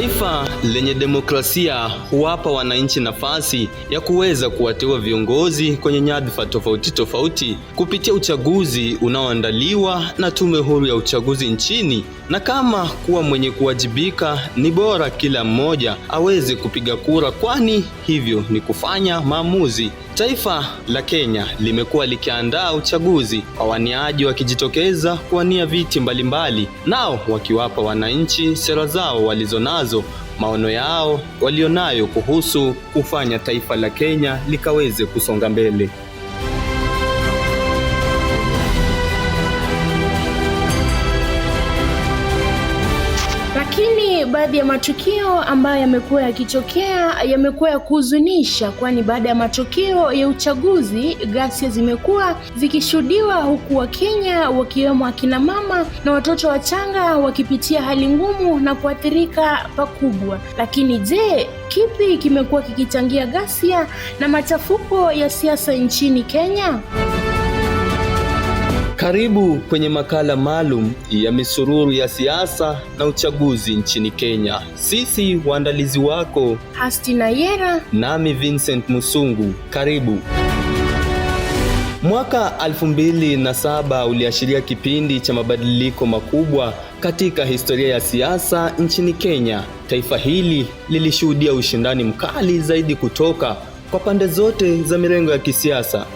Taifa lenye demokrasia huwapa wananchi nafasi ya kuweza kuwateua viongozi kwenye nyadhifa tofauti tofauti kupitia uchaguzi unaoandaliwa na Tume Huru ya Uchaguzi nchini, na kama kuwa mwenye kuwajibika, ni bora kila mmoja aweze kupiga kura, kwani hivyo ni kufanya maamuzi. Taifa la Kenya limekuwa likiandaa uchaguzi, wawaniaji wakijitokeza kuwania viti mbalimbali, nao wakiwapa wananchi sera zao walizonazo nazo maono yao walionayo kuhusu kufanya taifa la Kenya likaweze kusonga mbele. baadhi ya matukio ambayo yamekuwa yakitokea yamekuwa ya kuhuzunisha, kwani baada ya matokeo ya uchaguzi ghasia zimekuwa zikishuhudiwa, huku Wakenya wakiwemo akina mama na watoto wachanga wakipitia hali ngumu na kuathirika pakubwa. Lakini je, kipi kimekuwa kikichangia ghasia na machafuko ya siasa nchini Kenya? Karibu kwenye makala maalum ya misururu ya siasa na uchaguzi nchini Kenya. Sisi waandalizi wako Hastina Yera nami Vincent Musungu. Karibu. Mwaka 2007 uliashiria kipindi cha mabadiliko makubwa katika historia ya siasa nchini Kenya. Taifa hili lilishuhudia ushindani mkali zaidi kutoka kwa pande zote za mirengo ya kisiasa.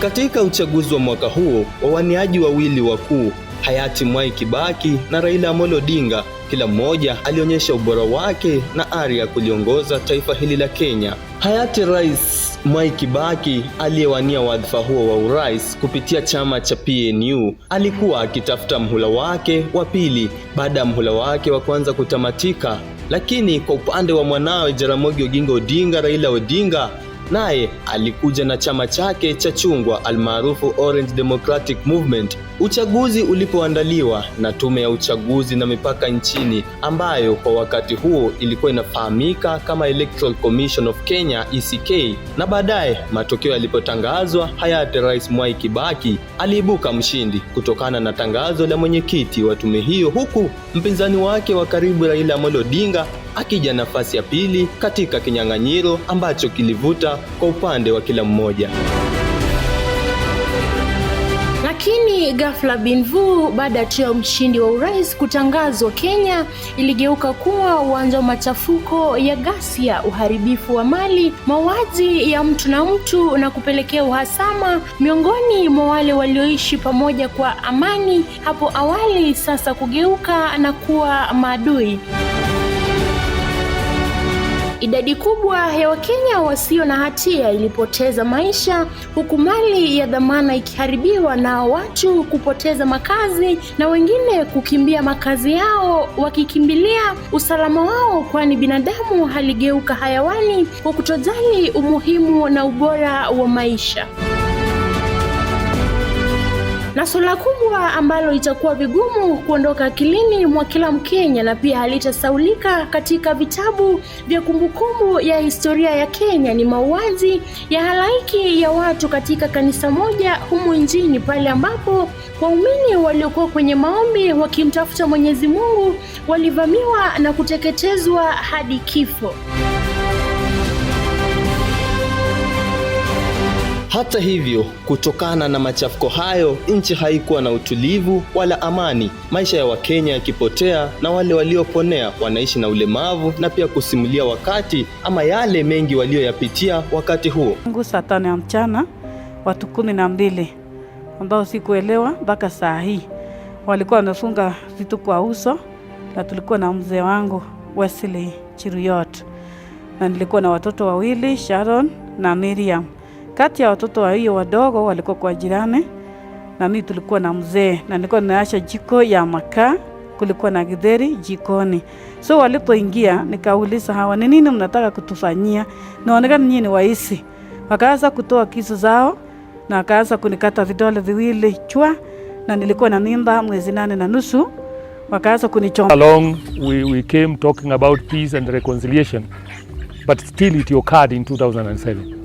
Katika uchaguzi wa mwaka huo, wawaniaji wawili wakuu hayati Mwai Kibaki na Raila Amolo Odinga, kila mmoja alionyesha ubora wake na ari ya kuliongoza taifa hili la Kenya. Hayati Rais Mwai Kibaki aliyewania wadhifa huo wa urais kupitia chama cha PNU alikuwa akitafuta mhula wake wa pili baada ya mhula wake wa kwanza kutamatika, lakini kwa upande wa mwanawe Jaramogi Oginga Odinga, Raila Odinga naye alikuja na chama chake cha chungwa almaarufu Orange Democratic Movement Uchaguzi ulipoandaliwa na Tume ya Uchaguzi na Mipaka nchini ambayo kwa wakati huo ilikuwa inafahamika kama Electoral Commission of Kenya ECK, na baadaye matokeo yalipotangazwa, hayati Rais Mwai Kibaki aliibuka mshindi kutokana na tangazo la mwenyekiti wa tume hiyo, huku mpinzani wake wa karibu Raila Amolo Odinga akija nafasi ya pili katika kinyang'anyiro ambacho kilivuta kwa upande wa kila mmoja. Lakini ghafla Binvu, baada ya tu ya mshindi wa urais kutangazwa, Kenya iligeuka kuwa uwanja wa machafuko ya ghasia, uharibifu wa mali, mauaji ya mtu na mtu, na kupelekea uhasama miongoni mwa wale walioishi pamoja kwa amani hapo awali, sasa kugeuka na kuwa maadui. Idadi kubwa ya Wakenya wasio na hatia ilipoteza maisha huku mali ya dhamana ikiharibiwa na watu kupoteza makazi na wengine kukimbia makazi yao wakikimbilia usalama wao, kwani binadamu haligeuka hayawani kwa kutojali umuhimu na ubora wa maisha na suala kubwa ambalo itakuwa vigumu kuondoka akilini mwa kila Mkenya na pia halitasaulika katika vitabu vya kumbukumbu ya historia ya Kenya ni mauaji ya halaiki ya watu katika kanisa moja humu nchini, pale ambapo waumini waliokuwa kwenye maombi wakimtafuta Mwenyezi Mungu walivamiwa na kuteketezwa hadi kifo. Hata hivyo, kutokana na machafuko hayo, nchi haikuwa na utulivu wala amani, maisha ya Wakenya yakipotea na wale walioponea wanaishi na ulemavu na pia kusimulia wakati ama yale mengi walioyapitia wakati huo. Mungu saa tano ya mchana, watu kumi na mbili ambao sikuelewa mpaka saa hii walikuwa wamefunga vitu kwa uso, na tulikuwa na mzee wangu Wesley Chiruyot na nilikuwa na watoto wawili Sharon na Miriam kati ya watoto wa hiyo wadogo walikuwa kwa jirani na mimi tulikuwa na mzee, na nilikuwa nimeasha jiko ya makaa, kulikuwa na githeri jikoni. So walipoingia nikauliza hawa, ni nini mnataka kutufanyia? Naonekana nyinyi ni waisi. Wakaanza kutoa kisu zao na wakaanza kunikata vidole viwili chwa, na nilikuwa na mimba mwezi nane na nusu. Wakaanza kunichoma along. We, we came talking about peace and reconciliation but still it occurred in 2007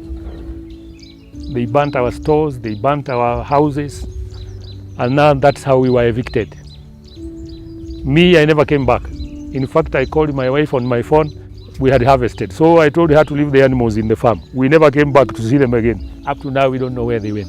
They burnt our stores, they burnt our houses, and now that's how we were evicted. Me, I never came back. In fact, I called my wife on my phone. We had harvested, so I told her to leave the animals in the farm. We never came back to see them again. Up to now, we don't know where they went.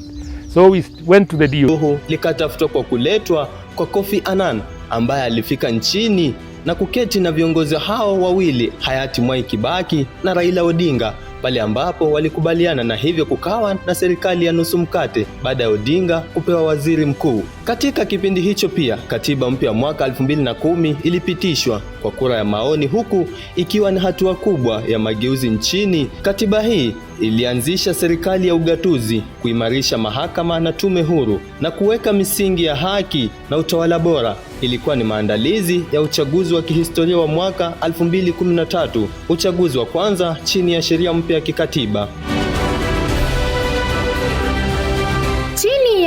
So we went to the DO. Likatafutwa kwa kuletwa kwa Kofi Annan ambaye alifika nchini na kuketi na viongozi hao wawili hayati Mwai Kibaki na Raila Odinga pale ambapo walikubaliana na hivyo kukawa na serikali ya nusu mkate baada ya Odinga kupewa waziri mkuu. Katika kipindi hicho pia katiba mpya mwaka 2010 ilipitishwa kwa kura ya maoni, huku ikiwa ni hatua kubwa ya mageuzi nchini. Katiba hii ilianzisha serikali ya ugatuzi, kuimarisha mahakama na tume huru na kuweka misingi ya haki na utawala bora. Ilikuwa ni maandalizi ya uchaguzi wa kihistoria wa mwaka 2013, uchaguzi wa kwanza chini ya sheria mpya ya kikatiba.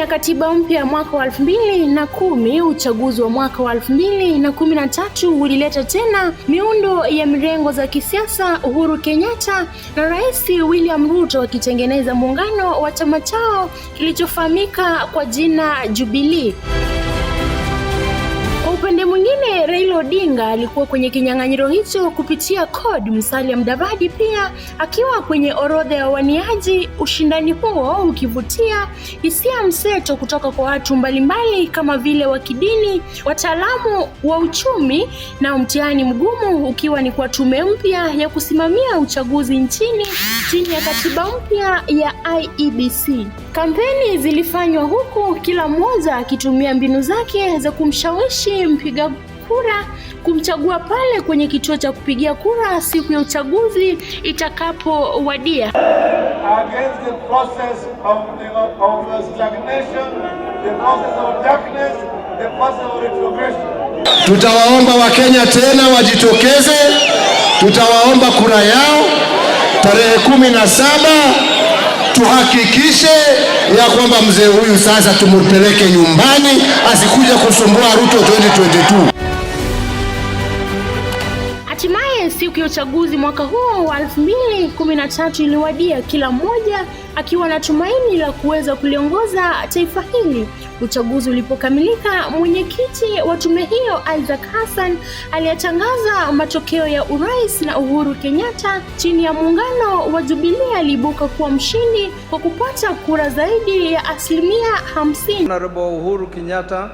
katiba mpya ya mwaka wa elfu mbili na kumi, uchaguzi wa mwaka wa elfu mbili na kumi na tatu ulileta tena miundo ya mirengo za kisiasa, Uhuru Kenyatta na Rais William Ruto wakitengeneza muungano wa chama chao kilichofahamika kwa jina Jubilee upande mwingine, Raila Odinga alikuwa kwenye kinyang'anyiro hicho kupitia msali Musalia Mudavadi pia akiwa kwenye orodha ya waniaji, ushindani huo ukivutia hisia mseto kutoka kwa watu mbalimbali kama vile wa kidini, wataalamu wa uchumi, na mtihani mgumu ukiwa ni kwa tume mpya ya kusimamia uchaguzi nchini chini ya katiba mpya ya IEBC. Kampeni zilifanywa huku kila mmoja akitumia mbinu zake za kumshawishi mpiga kura kumchagua pale kwenye kituo cha kupigia kura siku ya uchaguzi itakapowadia. Tutawaomba Wakenya tena wajitokeze, tutawaomba kura yao tarehe kumi na saba tuhakikishe ya kwamba mzee huyu sasa tumupeleke nyumbani asikuja kusumbua Ruto 2022. siku ya uchaguzi mwaka huu wa 2013 iliwadia, kila mmoja akiwa na tumaini la kuweza kuliongoza taifa hili. Uchaguzi ulipokamilika, mwenyekiti wa tume hiyo Isaac Hassan aliyatangaza matokeo ya urais na Uhuru Kenyatta chini ya muungano wa Jubilee aliibuka kuwa mshindi kwa kupata kura zaidi ya asilimia 50. Honorable Uhuru Kenyatta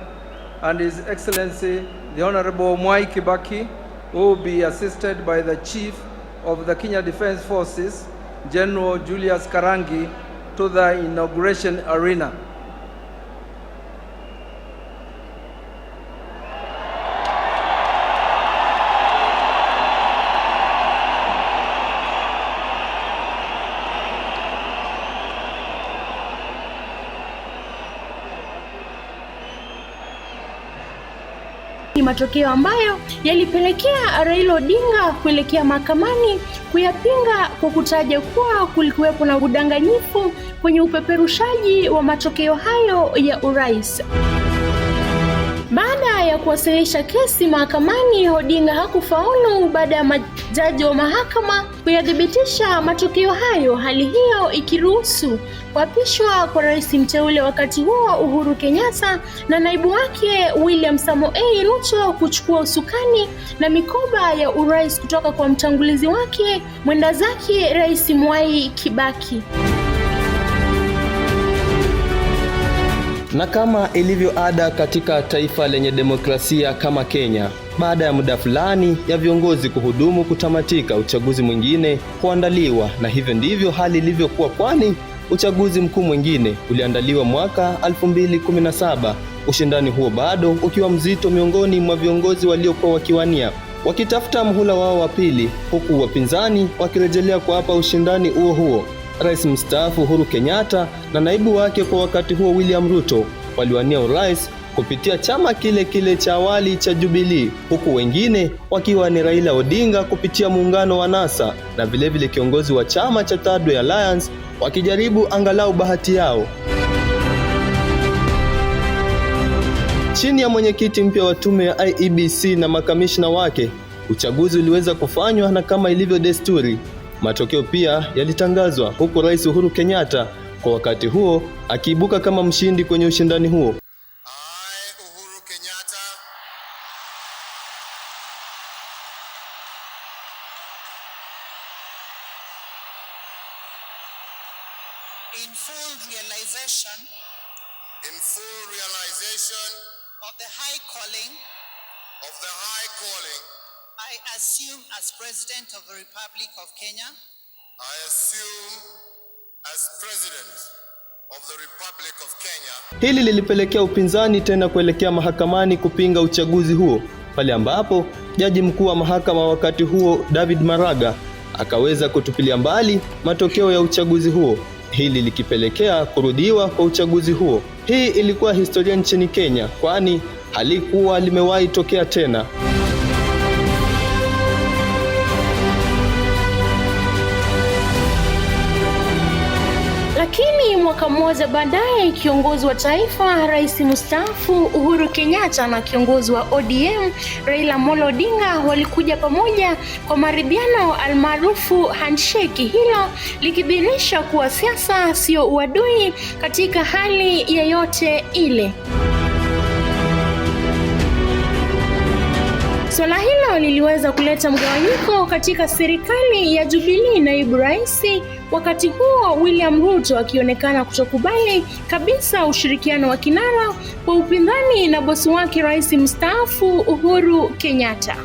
and His Excellency the Honorable Mwai Kibaki who will be assisted by the Chief of the Kenya defence Forces, General Julius Karangi, to the inauguration arena. matokeo ambayo yalipelekea Raila Odinga kuelekea mahakamani kuyapinga kwa kutaja kuwa kulikuwepo na udanganyifu kwenye upeperushaji wa matokeo hayo ya urais. Baada ya kuwasilisha kesi mahakamani, Odinga hakufaulu baada ya Jaji wa mahakama kuyathibitisha matokeo hayo, hali hiyo ikiruhusu kuapishwa kwa rais mteule wakati huo Uhuru Kenyatta na naibu wake William Samoei Ruto kuchukua usukani na mikoba ya urais kutoka kwa mtangulizi wake mwenda zake Rais Mwai Kibaki. Na kama ilivyo ada katika taifa lenye demokrasia kama Kenya baada ya muda fulani ya viongozi kuhudumu kutamatika, uchaguzi mwingine kuandaliwa, na hivyo ndivyo hali ilivyokuwa, kwani uchaguzi mkuu mwingine uliandaliwa mwaka 2017, ushindani huo bado ukiwa mzito miongoni mwa viongozi waliokuwa wakiwania wakitafuta mhula wao wa pili, huku wapinzani wakirejelea kuapa ushindani huo huo. Rais mstaafu Uhuru Kenyatta na naibu wake kwa wakati huo William Ruto waliwania urais kupitia chama kile kile cha awali cha Jubilee, huku wengine wakiwa ni Raila Odinga kupitia muungano wa NASA na vilevile vile kiongozi wa chama cha Third Way Alliance wakijaribu angalau bahati yao. Chini ya mwenyekiti mpya wa tume ya IEBC na makamishna wake, uchaguzi uliweza kufanywa na kama ilivyo desturi, matokeo pia yalitangazwa, huku Rais Uhuru Kenyatta kwa wakati huo akiibuka kama mshindi kwenye ushindani huo. vocation of the high calling of the high calling I assume as president of the Republic of Kenya I assume as president of the Republic of Kenya. Hili lilipelekea upinzani tena kuelekea mahakamani kupinga uchaguzi huo pale ambapo jaji mkuu wa mahakama wakati huo David Maraga akaweza kutupilia mbali matokeo ya uchaguzi huo hili likipelekea kurudiwa kwa uchaguzi huo. Hii ilikuwa historia nchini Kenya, kwani halikuwa limewahi tokea tena. mwaka mmoja baadaye, kiongozi wa taifa rais mstaafu Uhuru Kenyatta na kiongozi wa ODM Raila Amolo Odinga walikuja pamoja kwa maridhiano almaarufu handshake, hilo likidhihirisha kuwa siasa sio uadui katika hali yeyote ile. swala hilo liliweza kuleta mgawanyiko katika serikali ya Jubilee, naibu rais wakati huo William Ruto akionekana kutokubali kabisa ushirikiano wa kinara kwa upinzani na bosi wake rais mstaafu Uhuru Kenyatta.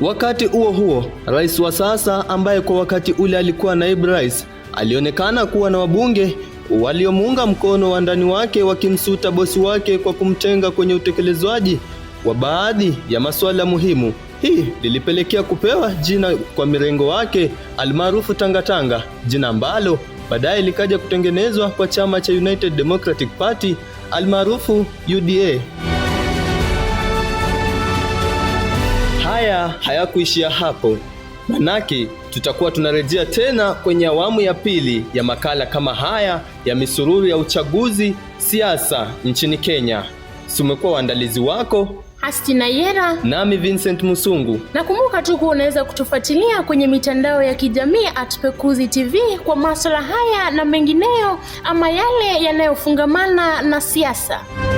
Wakati huo huo, rais wa sasa ambaye kwa wakati ule alikuwa naibu rais alionekana kuwa na wabunge waliomuunga mkono wandani wake wakimsuta bosi wake kwa kumtenga kwenye utekelezwaji wa baadhi ya masuala muhimu. Hii lilipelekea kupewa jina kwa mrengo wake almaarufu Tangatanga, jina ambalo baadaye likaja kutengenezwa kwa chama cha United Democratic Party almaarufu UDA. Haya hayakuishia hapo. Manake tutakuwa tunarejea tena kwenye awamu ya pili ya makala kama haya ya misururu ya uchaguzi siasa nchini Kenya. simekuwa waandalizi wako Hastina Yera nami Vincent Musungu. Nakumbuka tu kuwa unaweza kutufuatilia kwenye mitandao ya kijamii at Pekuzi TV kwa masuala haya na mengineyo ama yale yanayofungamana na siasa.